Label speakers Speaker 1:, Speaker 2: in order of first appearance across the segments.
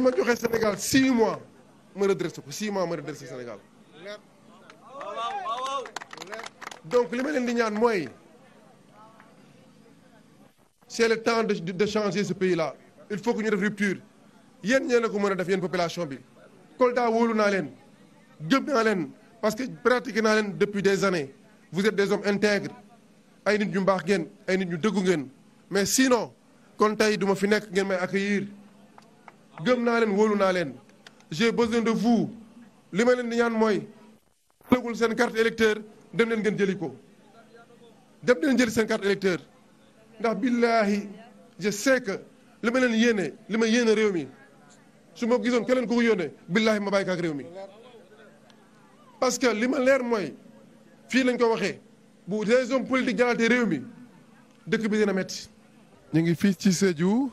Speaker 1: su ma joxee Sénégal six mois ma redressé ko six mois a redressé Sénégal donc li ma leen di ñaan mooy c'est le temps de de changer ce pays là il faut que ñu def rupture yéen ñee na ko mën a def yéen population bi Kolda wóolu naa leen gëm naa leen parce que pratique naa leen depuis des années vous êtes des hommes intègres ay nit ñu mbaax ngeen ay nit ñu dëggu ngeen mais sinon kon tey duma fi nekk ngeen may accueillir gëm naa leen wóolu naa leen j'ai besoin de vous li ma leen di ñaan mooy lëgul seen carte électeur dem leen ngeen jëli ko dem leen jëli seen carte électeur ndax billaahi je sais que li ma leen yéene li ma yéene réew mi su ma gisoon keneen ku ko yónnee billaahi ma bàyyi ko réew mi parce que li ma leer mooy fii lañ ko waxee bu des hommes politiques jalaatee réew mi dëkk bi dina metti ñu ngi fii ci Sédhiou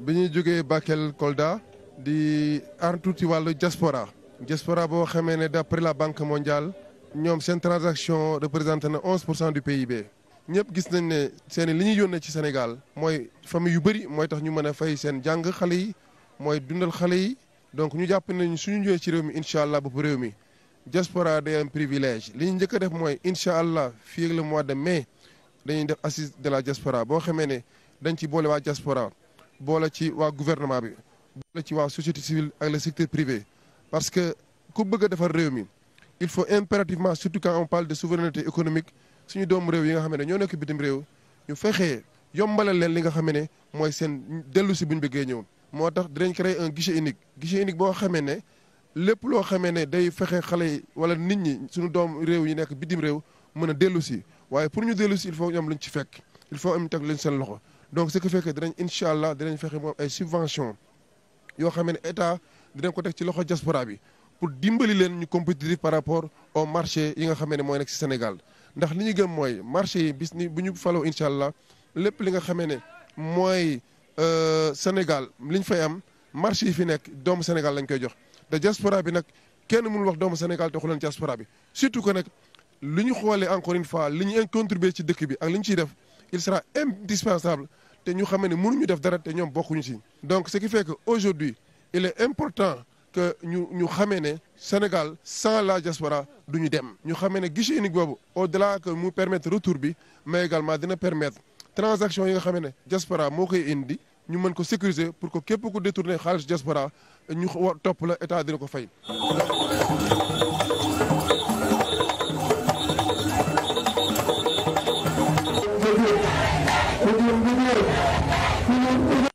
Speaker 1: bi ñuy jógee Bakel Kolda di artu ci wàllu jaspora diaspora boo xamee ne d'après la banque mondiale ñoom seen transaction représenté na 11 pour cent du PIB. ñëpp gis nañ ne seen li ñuy yónnee ci Sénégal mooy famille yu bëri mooy tax ñu mën a fay seen jàng xale yi mooy dundal xale yi donc ñu jàpp nañ suñu ñëwee ci réew mi incha allah bopp réew mi. jaspora day am privilège li ñu njëkk def mooy incha allah fii ak le mois de mais dañuy def assis de la jaspora boo xamee ne dañ ci boole waa boole ci waa gouvernement bi boole ci waa société civile ak le secteur privé parce que ku bëgg defar réew mi il faut impérativement surtout quand on parle de souveraineté économique suñu doomu réew yi nga xam ne ñoo nekk bitim réew ñu fexee yombalal leen li nga xam ne mooy seen dellu si buñ bëggee ñëw moo tax dinañ créer un guichet unique guichet unique boo xamee ne lépp loo xamee ne day fexe xale yi wala nit ñi suñu doomu réew yi nekk bitim réew mën a dellu si waaye pour ñu dellu si il faut ñu ci fekk il faut am teg luñ seen loxo donc ci qui fekkee que dinañ incha allah dinañ fexe moom ay subvention yoo xam ne état dinañ ko teg ci loxo diaspora bi pour dimbali leen ñu compétitif par rapport au marché yi nga xam ne mooy nekk ci Sénégal ndax li ñu gëm mooy marché yi bis ni bu ñu faloo incha allah lépp li nga xam ne mooy euh, Sénégal li ñu fay am marché yi fi nekk doomu Sénégal lañ koy jox te diaspora bi nag kenn mënul wax doomu Sénégal te xuleen diaspora bi surtout que nag li ñu xoolee encore fois li ñu contribuer ci dëkk bi ak li ñu def. il sera indispensable te ñu xam ne mënuñu def dara te ñoom bokkuñu ci. donc ce qui fait que aujourd'hui il est important que ñu ñu xamee ne Sénégal sans la diaspora du ñu dem. ñu xamee ne guichet unique boobu au-delà mu permettre retour bi mais également dina permettre transaction yi nga xam ne diaspora moo koy indi. ñu mën ko sécuriser pour que képp ku détourné xaalis diaspora ñu topp la état dina ko fay. Thank you.